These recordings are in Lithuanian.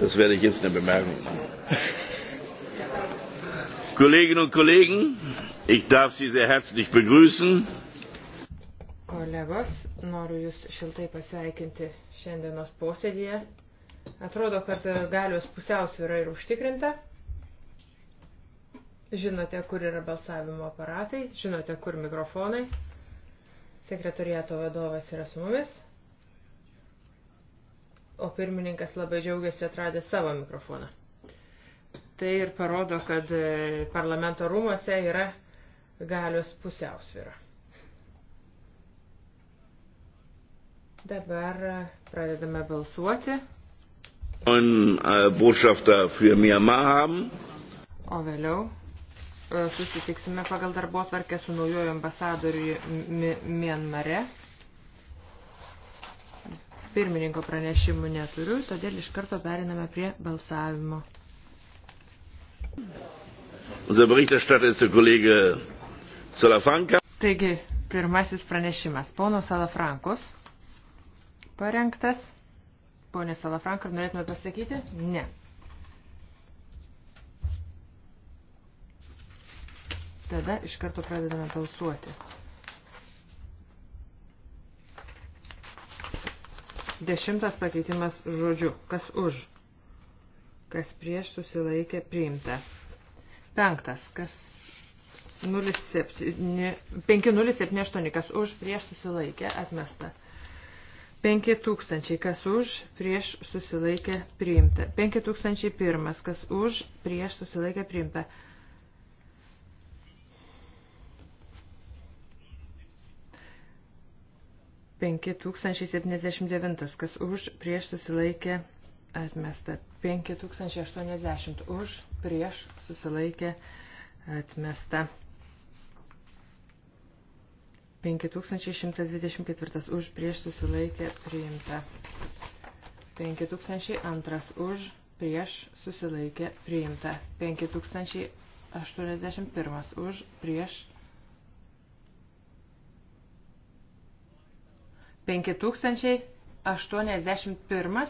Das werde ich jetzt eine Bemerkung machen. Kolleginnen und Kollegen, ich darf Sie sehr herzlich begrüßen. Kolegos, noriu Jūs šiltai pasveikinti šiandienos posėdėje. Atrodo, kad galios pusiausvyrą ir užtikrinta. Žinote, kur yra balsavimo aparatai, žinote, kur mikrofonai. Sekretoriato vadovas yra su mumis, o pirmininkas labai džiaugiasi atradę savo mikrofoną. Tai ir parodo, kad e, parlamento rūmose yra galios pusiausvyra. Dabar e, pradedame balsuoti. Neuen Botschafter äh, für Myanmar haben. O vėliau susitiksime pagal darbo tvarkę su naujoju ambasadoriumi Mienmare. Pirmininko pranešimų neturiu, todėl iš karto periname prie balsavimo. Taigi, pirmasis pranešimas. Pono Salafrankos parengtas. Pone Salafranka, ar norėtume pasakyti? Ne. Tada iš karto pradedame balsuoti. Dešimtas pakeitimas žodžiu. Kas už? Kas prieš susilaikė priimta. Penktas. Kas 5078. Kas už prieš susilaikė atmesta. 5000. Kas už prieš susilaikė priimta. 5001. Kas už prieš susilaikė priimta. 5001. 5079, kas už, prieš susilaikė atmesta. 5080 už, prieš susilaikė atmesta. 5124 už, prieš susilaikė priimta. 5002 už, prieš susilaikė priimta. 5081 už, prieš 5081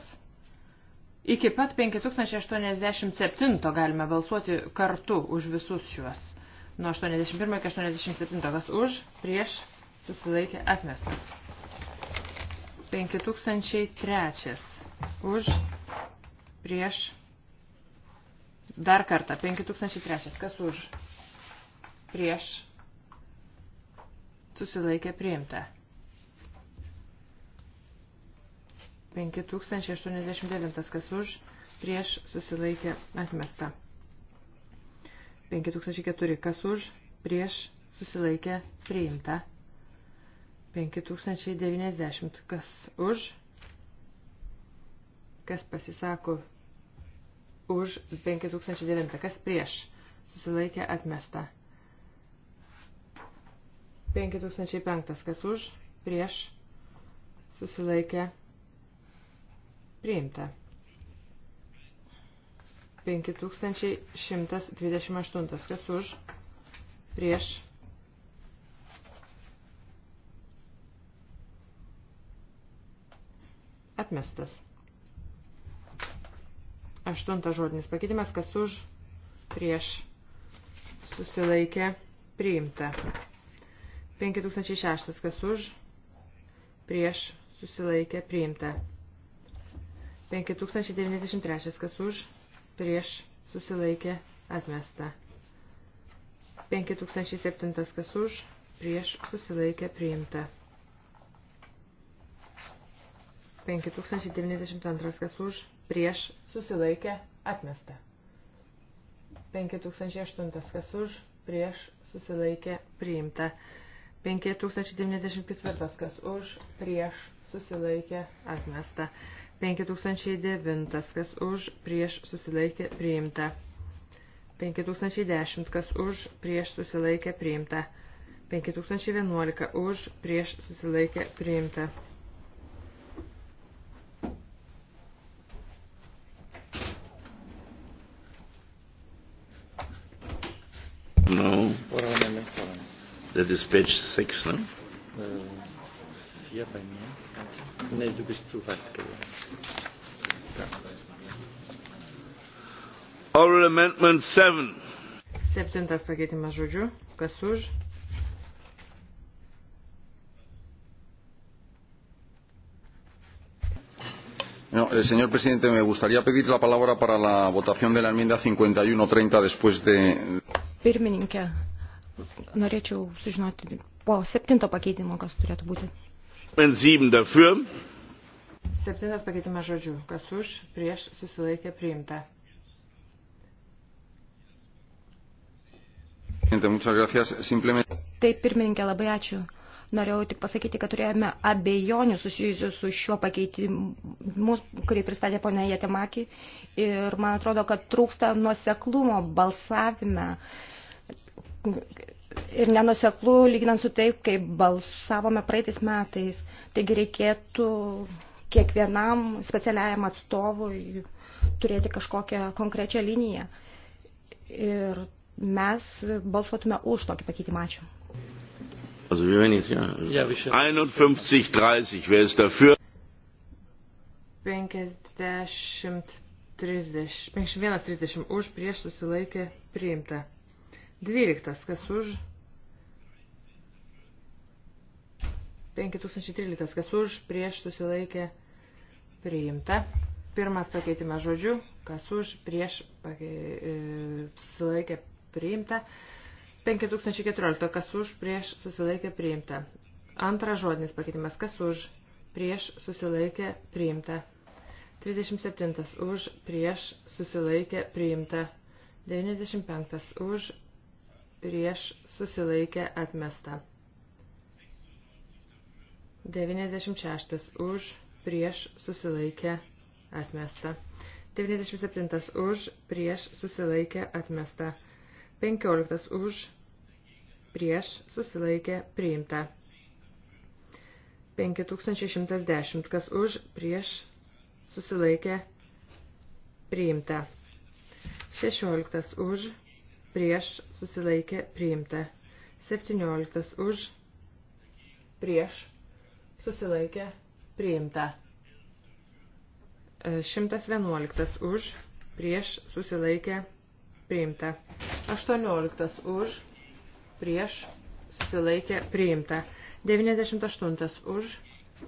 iki pat 5087 galime balsuoti kartu už visus šiuos. Nuo 81 iki 87 kas už, prieš, susilaikė, atmestas. 5003 už, prieš, dar kartą, 5003 kas už, prieš, susilaikė, priimta. 5089 kas už, prieš susilaikė atmesta. 5004 kas už, prieš susilaikė priimta. 5090 kas už, kas pasisako už 5009, kas prieš susilaikė atmesta. 5005 kas už, prieš susilaikė atmesta Priimta. 5128. Kas už? Prieš. Atmestas. Aštuntas žodinis pakeitimas. Kas už? Prieš. Susilaikė. Priimta. 5006. Kas už? Prieš. Susilaikė. Priimta. 5093, kas už, prieš, susilaikė, atmesta. 5007, kas už, prieš, susilaikė, priimta. 5092, kas už, prieš, susilaikė, atmesta. 5008, kas už, prieš, susilaikė, priimta. 5094, kas už, prieš, susilaikė, atmesta. 5009, kas už prieš susilaikė priimta. 5010, kas už prieš susilaikė priimta. 5011, už prieš susilaikė priimta. No. That is page 6, no? Uh ja bei mir? Nee, du bist zu weit gegangen. Ja. Oral Amendment 7. Septintas pakeitimas žodžiu. Kas už? No, eh, señor presidente, me gustaría pedir la palabra para la votación de la enmienda 51-30 después de. Pirmininkė, norėčiau sužinoti po septinto pakeitimo, kas turėtų būti dafür. Septintas pakeitimas žodžių. Kas už, prieš, susilaikė, priimta. Taip, pirmininkė, labai ačiū. Norėjau tik pasakyti, kad turėjome abejonių susijusių su šiuo pakeitimu, kurį pristatė ponia Jėtemaki. Ir man atrodo, kad trūksta nuoseklumo balsavime ir nenuseklų, lyginant su taip, kaip balsavome praeitais metais. Taigi reikėtų kiekvienam specialiajam atstovui turėti kažkokią konkrečią liniją. Ir mes balsuotume už tokį pakeitimą. Ačiū. Also wir werden jetzt ja, 51.30, wer ist dafür? 50.30, 51.30 už prieš susilaikė priimta. Dvyliktas, kas už. 5013, kas už, prieš susilaikė priimta. Pirmas pakeitimas žodžiu, kas už, prieš pake, e, susilaikė priimta. 5014, kas už, prieš susilaikė priimta. Antras žodinis pakeitimas, kas už, prieš susilaikė priimta. 37, už, prieš susilaikė priimta. 95, už, prieš susilaikę atmesta. 96 už prieš susilaikę atmesta. 97 už prieš susilaikę atmesta. 15 už prieš susilaikę priimta. 5110 kas už prieš susilaikę priimta. 16 už prieš susilaikė priimta. 17 už, prieš susilaikė priimta. 111 e, už, prieš susilaikė priimta. 18 už, prieš susilaikė priimta. 98 už,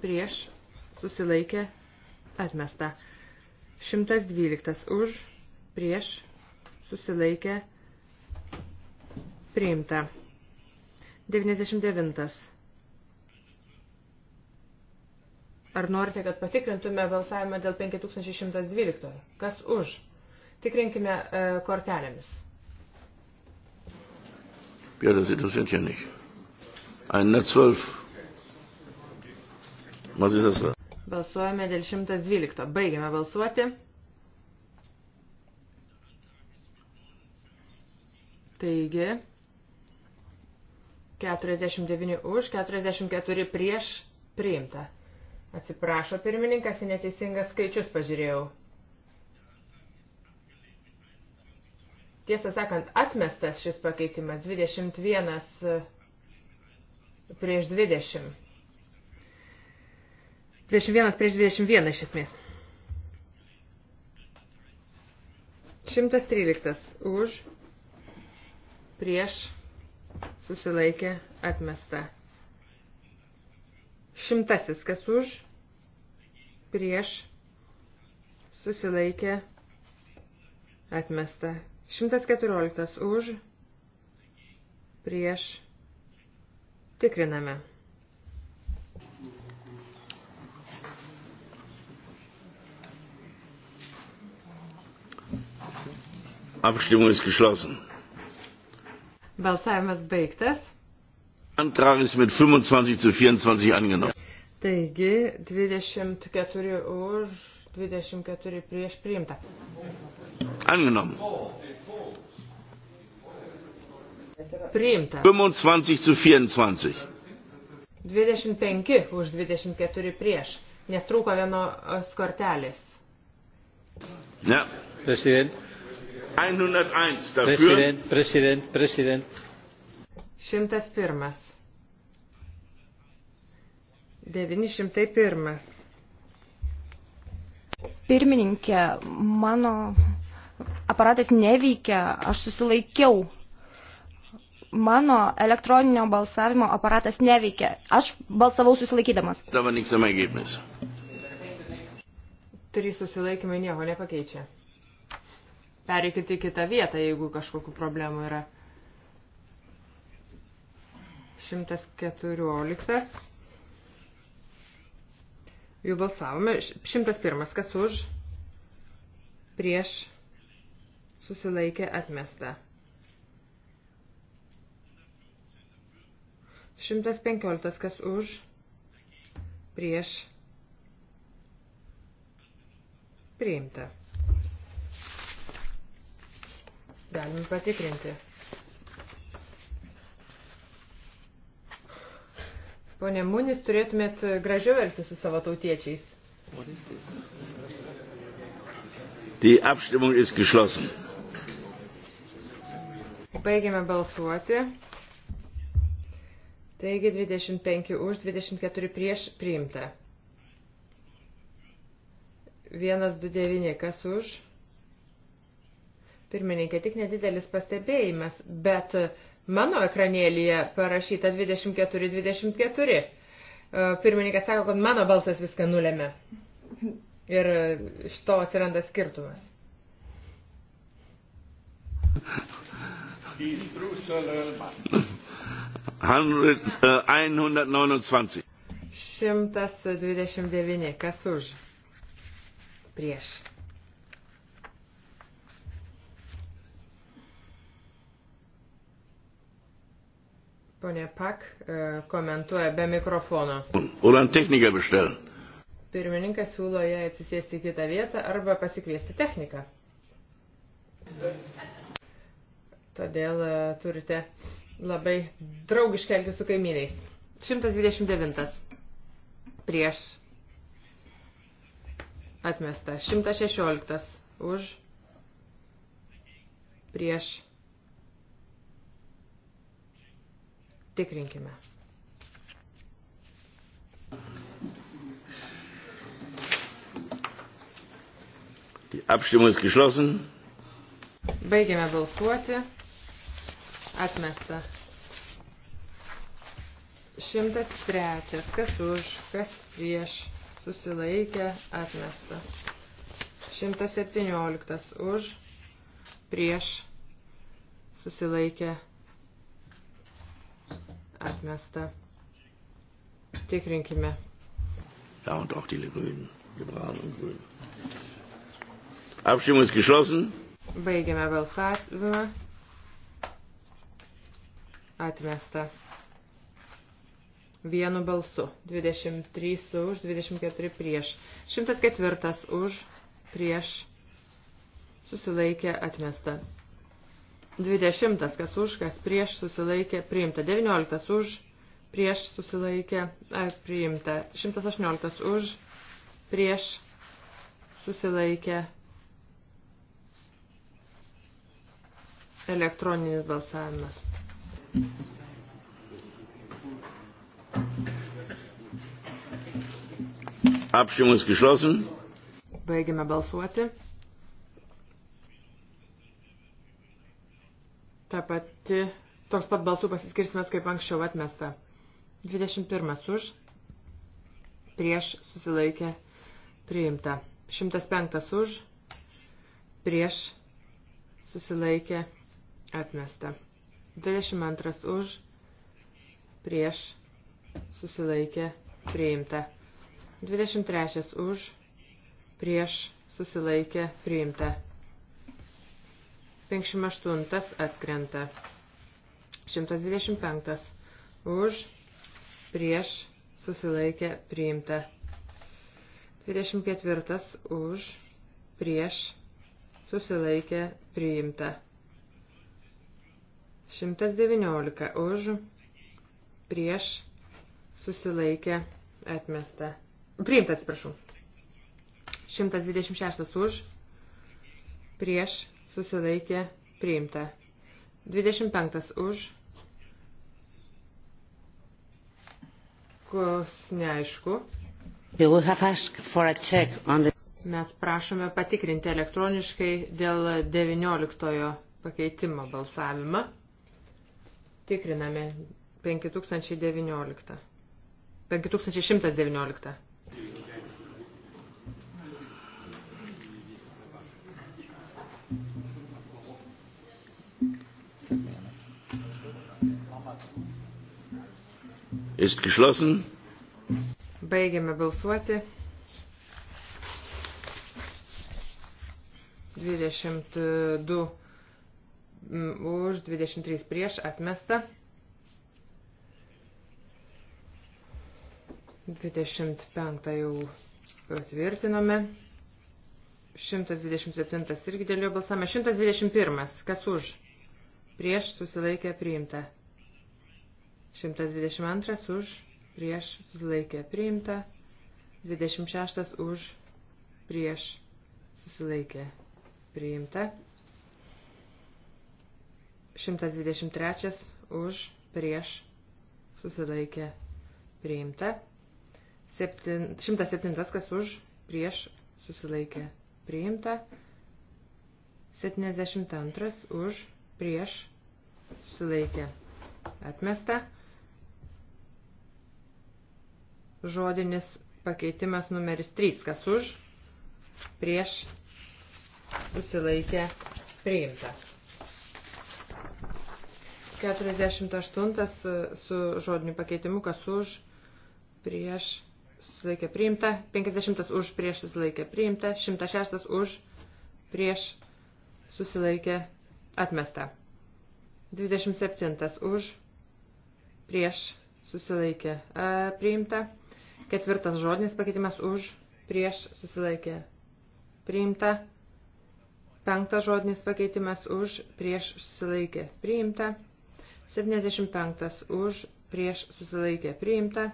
prieš susilaikė atmesta. 112 už, prieš susilaikė priimta Priimta. 99. Ar norite, kad patikrintume balsavimą dėl 5112? Kas už? Tikrinkime e, kortelėmis. Ja, das interessiert ja nicht. 112. Was ist das da? Balsuojame dėl 112. Baigiame balsuoti. Taigi, 49 už, 44 prieš priimta. Atsiprašo pirmininkas, neteisingas skaičius pažiūrėjau. Tiesą sakant, atmestas šis pakeitimas 21 e, prieš 20. 21 prieš 21 iš esmės. 113 už prieš susilaikė atmesta. Šimtasis, kas už, prieš, susilaikė atmesta. Šimtas keturioliktas už, prieš, tikriname. Abstimmung ist geschlossen. Balsavimas baigtas. Antrag ist mit 25 zu 24 angenommen. Taigi, 24 už, 24 prieš priimta. Angenommen. Priimta. 25 zu 24. 25 už 24 prieš, nes trūko vienos kortelės. Ne. President. 101 dafür. Präsident, Präsident, Präsident. 101. 901. Pirmininkė, mano aparatas neveikia, aš susilaikiau. Mano elektroninio balsavimo aparatas neveikia. Aš balsavau susilaikydamas. Tavo niks įmaigymis. Trys susilaikymai nieko nepakeičia pereikit į kitą vietą, jeigu kažkokiu problemu yra. 114. Jau balsavome. 101. Kas už? Prieš susilaikė atmesta. 115. Kas už? Prieš priimta. Galim patikrinti. Pone Munis, turėtumėt gražiau elgtis su savo tautiečiais. Die Abstimmung ist geschlossen. Baigėme balsuoti. Taigi 25 už, 24 prieš priimta. 129 kas už, Pirmininkė, tik nedidelis pastebėjimas, bet mano ekranėlyje parašyta 24-24. E, pirmininkas sako, kad mano balsas viską nulėmė. Ir iš to atsiranda skirtumas. Hundred, uh, 129. 129. Kas už? Prieš. Pone Pak e, komentuoja be mikrofono. Ulan techniką bestellen. Pirmininkas siūlo jai atsisėsti į kitą vietą arba pasikviesti techniką. Todėl e, turite labai draugiškai elgtis su kaimynais. 129. Prieš. Atmesta. 116. Už. Prieš Tikrinkime. Die Abstimmung ist geschlossen. Baigiame balsuoti. Atmesta. 103. Kas už, kas prieš, susilaikė, atmesta. 117. Už, prieš, susilaikė, atmesta atmesta. Tikrinkime. Ja, und auch die Grünen, Liberalen und Grünen. Abstimmung ist geschlossen. Baigiame balsavimą. Atmesta. Vienu balsu. 23 už, 24 prieš. 104 už, prieš. Susilaikė atmesta. 20 kas už, kas prieš susilaikė priimta. 19 už, prieš susilaikė e, priimta. 118 už, prieš susilaikė elektroninis balsavimas. Abstimmung ist geschlossen. Baigime balsuoti. Ta pati, toks pat balsų pasiskirsimas kaip anksčiau atmesta. 21 už, prieš susilaikė priimta. 105 už, prieš susilaikė atmesta. 22 už, prieš susilaikė priimta. 23 už, prieš susilaikė priimta. 158 atkrenta. 125 už, prieš, susilaikė, priimta. 24 už, prieš, susilaikė, priimta. 119 už, prieš, susilaikė, atmesta. Priimta, atsiprašau. 126 už, prieš, susilaikė priimta. 25 už, kas neaišku. Mes prašome patikrinti elektroniškai dėl 19 pakeitimo balsavimą. Tikriname 5019. 5119. ist geschlossen. Baigiame balsuoti. 22 už, 23 prieš atmesta. 25 jau patvirtinome. 127 irgi dėl jo balsavome. 121. Kas už? Prieš susilaikę priimta. 122 už, prieš susilaikė priimta, 26 už, prieš susilaikė priimta, 123 už, prieš susilaikė priimta, 107 kas už, prieš susilaikė priimta, 72 už, prieš susilaikė atmesta, žodinis pakeitimas numeris 3, kas už, prieš, susilaikė, priimta. 48 e, su žodiniu pakeitimu, kas už, prieš, susilaikė, priimta. 50 už, prieš, susilaikė, priimta. 106 už, prieš, susilaikė, atmesta. 27 už, prieš, susilaikė, e, priimta. Ketvirtas žodinis pakeitimas už, prieš susilaikė priimta. Penktas žodinis pakeitimas už, prieš susilaikė priimta. 75 už, prieš susilaikė priimta.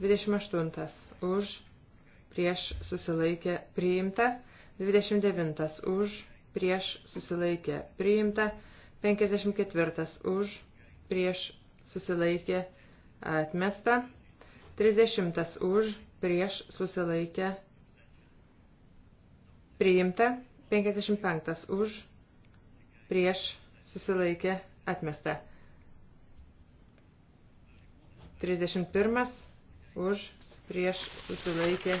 28 už, prieš susilaikė priimta. 29 už, prieš susilaikė priimta. 54 už, prieš susilaikė atmesta. 30 už, prieš susilaikę priimta, 55 už, prieš susilaikę atmesta. 31 už, prieš susilaikę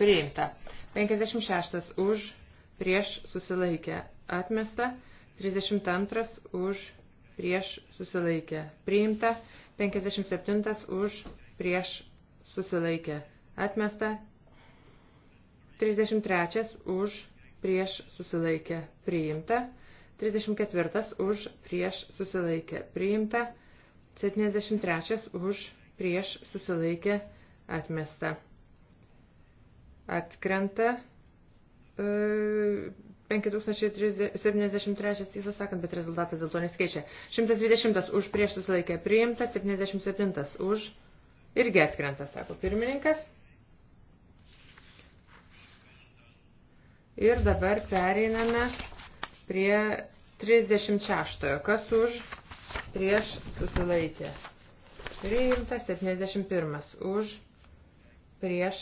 priimta. 56 už, prieš susilaikę atmesta. 32 už, prieš susilaikę priimta. 57 už, prieš susilaikė atmesta, 33 už prieš susilaikė priimta, 34 už prieš susilaikė priimta, 73 už prieš susilaikė atmesta. Atkrenta e, 5073 tikslas sakant, bet rezultatas dėl to neskaičia. 120 už prieš susilaikę priimta, 77 už Irgi atkrenta, sako pirmininkas. Ir dabar pereiname prie 36. Kas už prieš susilaikė? Priimta 71. Už prieš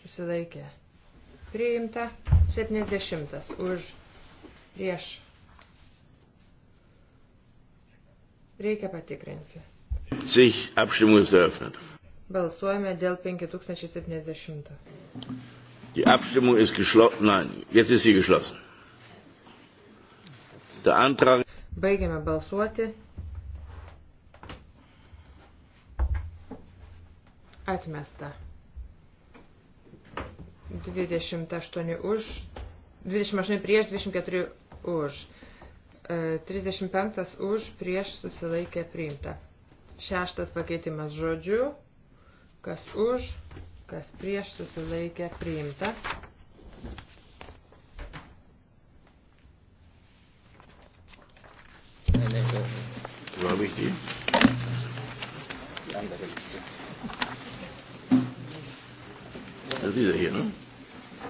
susilaikė. Priimta 70. Už prieš. Reikia patikrinti. Sich Abstimmung ist eröffnet. Balsuojame dėl 5070. Die Abstimmung ist geschlossen. Nein, jetzt ist sie geschlossen. Der Antrag. Baigiame balsuoti. Atmesta. 28 už, 28 prieš, 24 už. 35 e, už prieš susilaikė priimta. Šeštas pakeitimas žodžiu. Kas už, kas prieš susilaikė priimta. Glaube ich die? Die andere Liste. Das ist dieser hier, ne?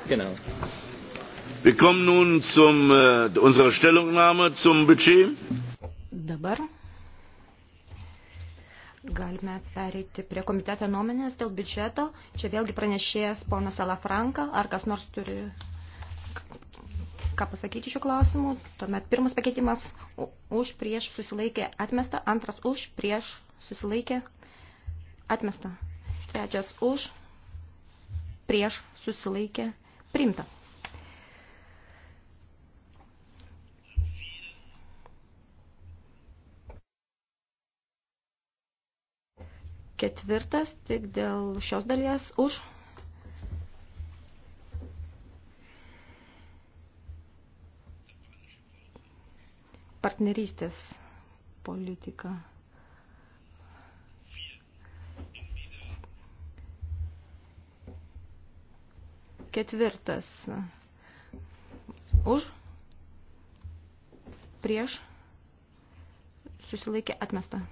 Genau. Wir kommen nun zu äh, unserer Stellungnahme zum Budget. pereiti prie komiteto nuomenės dėl biudžeto. Čia vėlgi pranešėjas ponas Alafranka, ar kas nors turi ką pasakyti šiuo klausimu. Tuomet pirmas pakeitimas už prieš susilaikė atmesta, antras už prieš susilaikė atmesta, trečias už prieš susilaikė primta. Ketvirtas, tik dėl šios dalies už. Partnerystės politika. Ketvirtas. Už. Prieš. Susilaikė atmesta.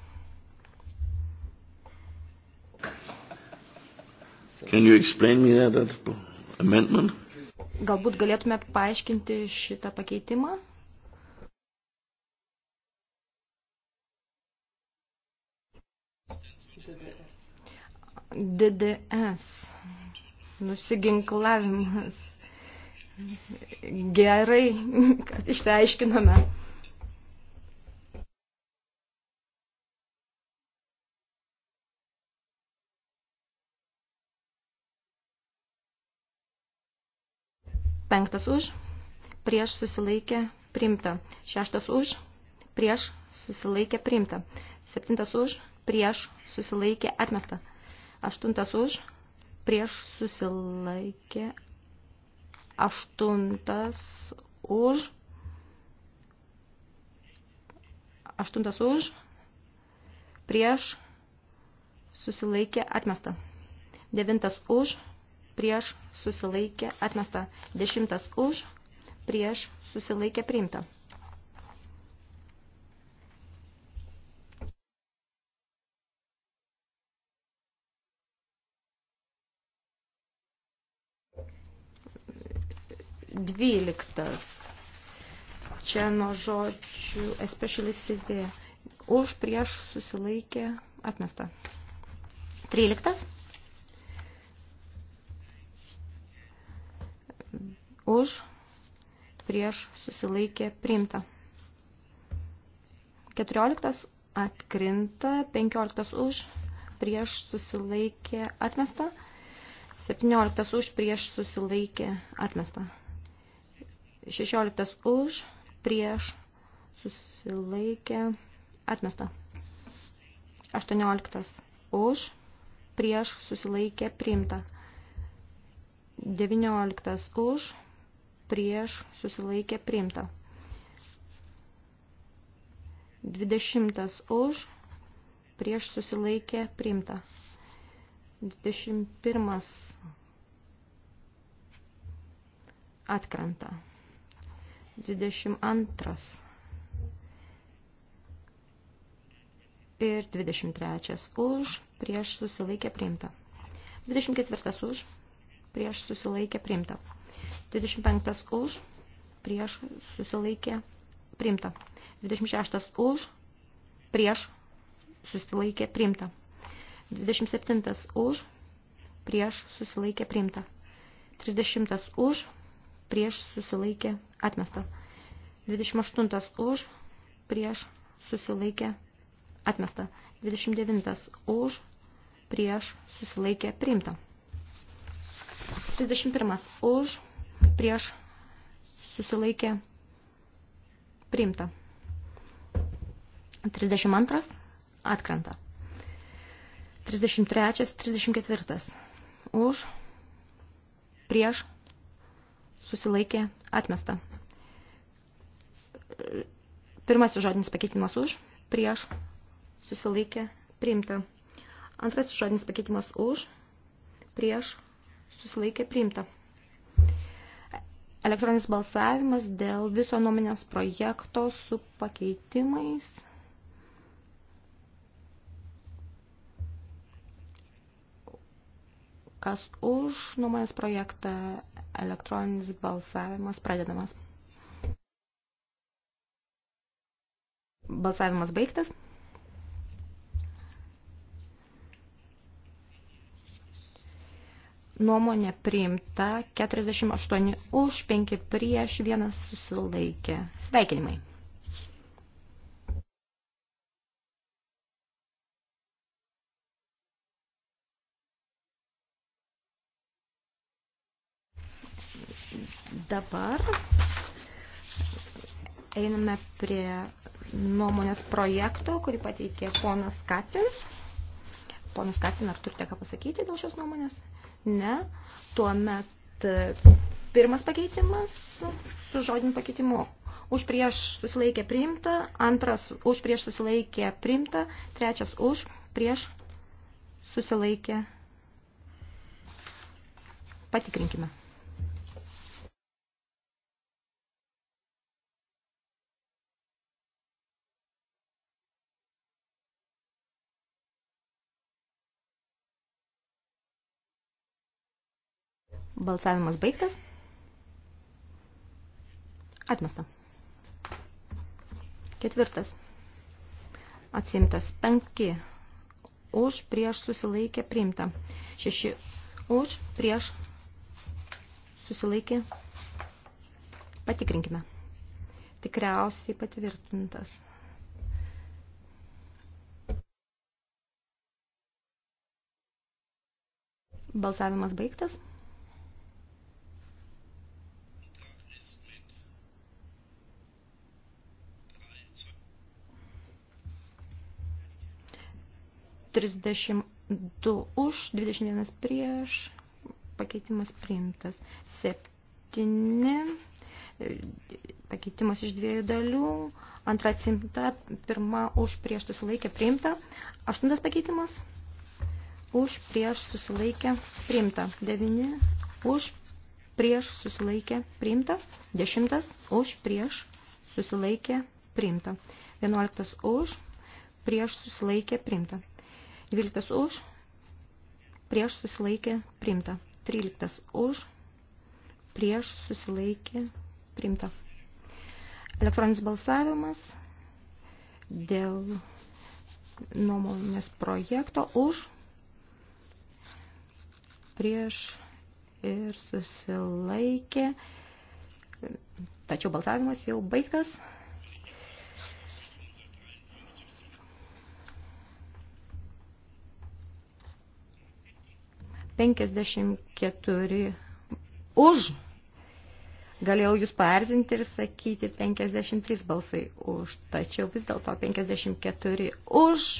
Can you explain me that, that amendment? Galbūt galėtumėt paaiškinti šitą pakeitimą? DDS. Nusiginklavimas. Gerai, kad išsiaiškinome. Penktas už, prieš susilaikė priimta. Šeštas už, prieš susilaikė priimta. Septintas už, prieš susilaikė atmesta. Aštuntas už, prieš susilaikė. Aštuntas už. Aštuntas už, prieš susilaikė atmesta. Devintas už, prieš susilaikė atmesta prieš susilaikė atmesta. Dešimtas už, prieš susilaikė priimta. Dvyliktas. Čia nuo žodžių especially CV. Už prieš susilaikė atmesta. Tryliktas. už, prieš susilaikė priimta. 14 atkrinta, 15 už, prieš susilaikė atmesta, 17 už, prieš susilaikė atmesta, 16 už, prieš susilaikė atmesta, 18 už, prieš susilaikė priimta, 19 už, prieš susilaikė priimta. 20 už, prieš susilaikė priimta. 21 atkrenta. 22 ir 23 už, prieš susilaikė priimta. 24 už, prieš susilaikė priimta. 25 už, prieš, susilaikė, priimta. 26 už, prieš, susilaikė, priimta. 27 už, prieš, susilaikė, priimta. 30 už, prieš, susilaikė, atmesta. 28 už, prieš, susilaikė, atmesta. 29 už, prieš, susilaikė, priimta. 31 už, prieš susilaikė priimta. 32 atkrenta. 33, 34 už, prieš susilaikė atmesta. Pirmasis žodinis pakeitimas už, prieš susilaikė priimta. Antrasis žodinis pakeitimas už, prieš susilaikė priimta. Elektroninis balsavimas dėl viso nuomonės projekto su pakeitimais. Kas už nuomonės projektą elektroninis balsavimas pradedamas. Balsavimas baigtas. nuomonė priimta, 48 už, 5 prieš, 1 susilaikė. Sveikinimai. Dabar einame prie nuomonės projekto, kurį pateikė ponas Kacin. Ponas Kacin, ar turite ką pasakyti dėl šios nuomonės? Ne. Tuomet e, pirmas pakeitimas su žodiniu pakeitimu. Už prieš susilaikė priimta, antras už prieš susilaikė priimta, trečias už prieš susilaikė. Patikrinkime. Balsavimas baigtas. Atmesta. Ketvirtas. Atsimtas. Penki. Už prieš susilaikė priimta. Šeši. Už prieš susilaikė. Patikrinkime. Tikriausiai patvirtintas. Balsavimas baigtas. 32 už, 21 prieš, pakeitimas priimtas. 7, pakeitimas iš dviejų dalių, antra atsimta, pirma už prieš susilaikę priimta, aštuntas pakeitimas už prieš susilaikę priimta, 9 už prieš susilaikę priimta, 10 už prieš susilaikę priimta, 11 už prieš susilaikę priimta. 12 už, prieš susilaikė priimta. 13 už, prieš susilaikė priimta. Elektroninis balsavimas dėl nuomonės projekto už, prieš ir susilaikė. Tačiau balsavimas jau baigtas. 54 už. Galėjau jūs paerzinti ir sakyti 53 balsai už, tačiau vis dėlto 54 už